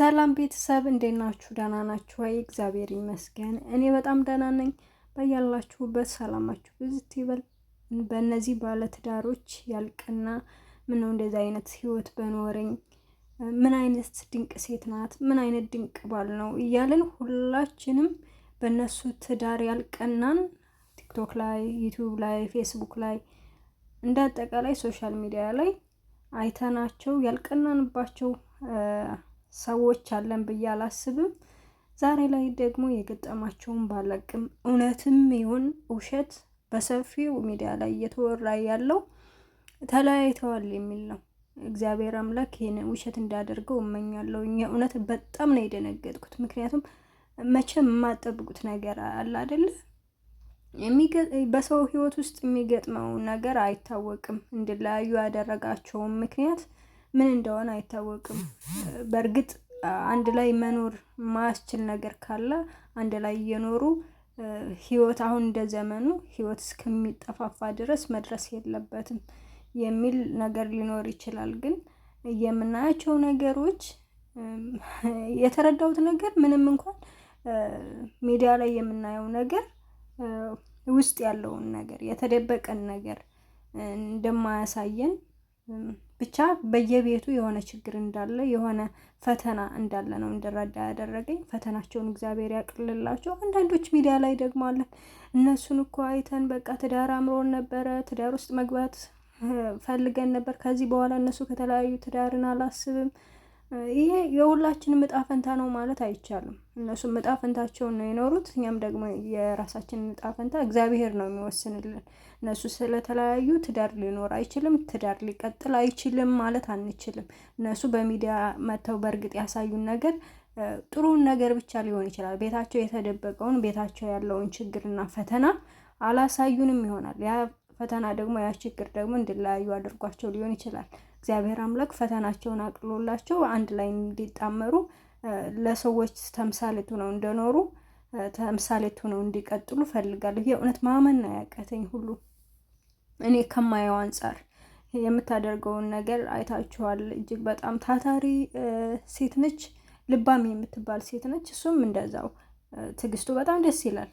ሰላም ቤተሰብ እንዴት ናችሁ? ደህና ናችሁ ወይ? እግዚአብሔር ይመስገን እኔ በጣም ደህና ነኝ። በያላችሁበት ሰላማችሁ ብዝት ይበል። በእነዚህ ባለትዳሮች ያልቅና ነው እንደዚህ አይነት ህይወት በኖረኝ፣ ምን አይነት ድንቅ ሴት ናት፣ ምን አይነት ድንቅ ባል ነው እያልን ሁላችንም በእነሱ ትዳር ያልቀናን ቲክቶክ ላይ፣ ዩቲዩብ ላይ፣ ፌስቡክ ላይ እንደ አጠቃላይ ሶሻል ሚዲያ ላይ አይተናቸው ያልቀናንባቸው ሰዎች አለን ብዬ አላስብም። ዛሬ ላይ ደግሞ የገጠማቸውን ባላቅም እውነትም ይሁን ውሸት በሰፊው ሚዲያ ላይ እየተወራ ያለው ተለያይተዋል የሚል ነው። እግዚአብሔር አምላክ ይህን ውሸት እንዳደርገው እመኛለሁ። የእውነት በጣም ነው የደነገጥኩት። ምክንያቱም መቼም የማጠብቁት ነገር አለ አይደለ? በሰው ህይወት ውስጥ የሚገጥመው ነገር አይታወቅም። እንዲለያዩ ያደረጋቸውን ምክንያት ምን እንደሆነ አይታወቅም። በእርግጥ አንድ ላይ መኖር ማያስችል ነገር ካለ አንድ ላይ እየኖሩ ህይወት አሁን እንደ ዘመኑ ህይወት እስከሚጠፋፋ ድረስ መድረስ የለበትም የሚል ነገር ሊኖር ይችላል። ግን የምናያቸው ነገሮች የተረዳሁት ነገር ምንም እንኳን ሚዲያ ላይ የምናየው ነገር ውስጥ ያለውን ነገር የተደበቀን ነገር እንደማያሳየን ብቻ በየቤቱ የሆነ ችግር እንዳለ የሆነ ፈተና እንዳለ ነው እንድረዳ ያደረገኝ። ፈተናቸውን እግዚአብሔር ያቅልላቸው። አንዳንዶች ሚዲያ ላይ ደግሞ አለ እነሱን እኮ አይተን በቃ ትዳር አምሮን ነበረ፣ ትዳር ውስጥ መግባት ፈልገን ነበር። ከዚህ በኋላ እነሱ ከተለያዩ ትዳርን አላስብም ይሄ የሁላችንም እጣ ፈንታ ነው ማለት አይቻልም። እነሱም እጣ ፈንታቸውን ነው የኖሩት፣ እኛም ደግሞ የራሳችንን እጣ ፈንታ እግዚአብሔር ነው የሚወስንልን። እነሱ ስለተለያዩ ትዳር ሊኖር አይችልም፣ ትዳር ሊቀጥል አይችልም ማለት አንችልም። እነሱ በሚዲያ መጥተው በእርግጥ ያሳዩን ነገር ጥሩን ነገር ብቻ ሊሆን ይችላል። ቤታቸው የተደበቀውን ቤታቸው ያለውን ችግርና ፈተና አላሳዩንም ይሆናል። ያ ፈተና ደግሞ ያ ችግር ደግሞ እንድለያዩ አድርጓቸው ሊሆን ይችላል። እግዚአብሔር አምላክ ፈተናቸውን አቅሎላቸው አንድ ላይ እንዲጣመሩ ለሰዎች ተምሳሌት ሆነው እንደኖሩ ተምሳሌት ሆነው እንዲቀጥሉ ፈልጋለሁ። የእውነት ማመን ነው ያቀተኝ ሁሉ እኔ ከማየው አንጻር የምታደርገውን ነገር አይታችኋል። እጅግ በጣም ታታሪ ሴት ነች። ልባም የምትባል ሴት ነች። እሱም እንደዛው ትዕግስቱ በጣም ደስ ይላል።